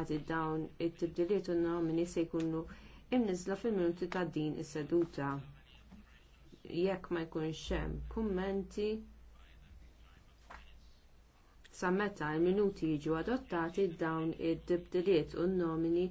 għati dawn it-tibdiliet u nomini se jkunu imnizla fil-minuti ta' din is-seduta. Jekk ma jkunx hemm kummenti sa meta l-minuti jiġu adottati dawn it-tibdiliet u nomini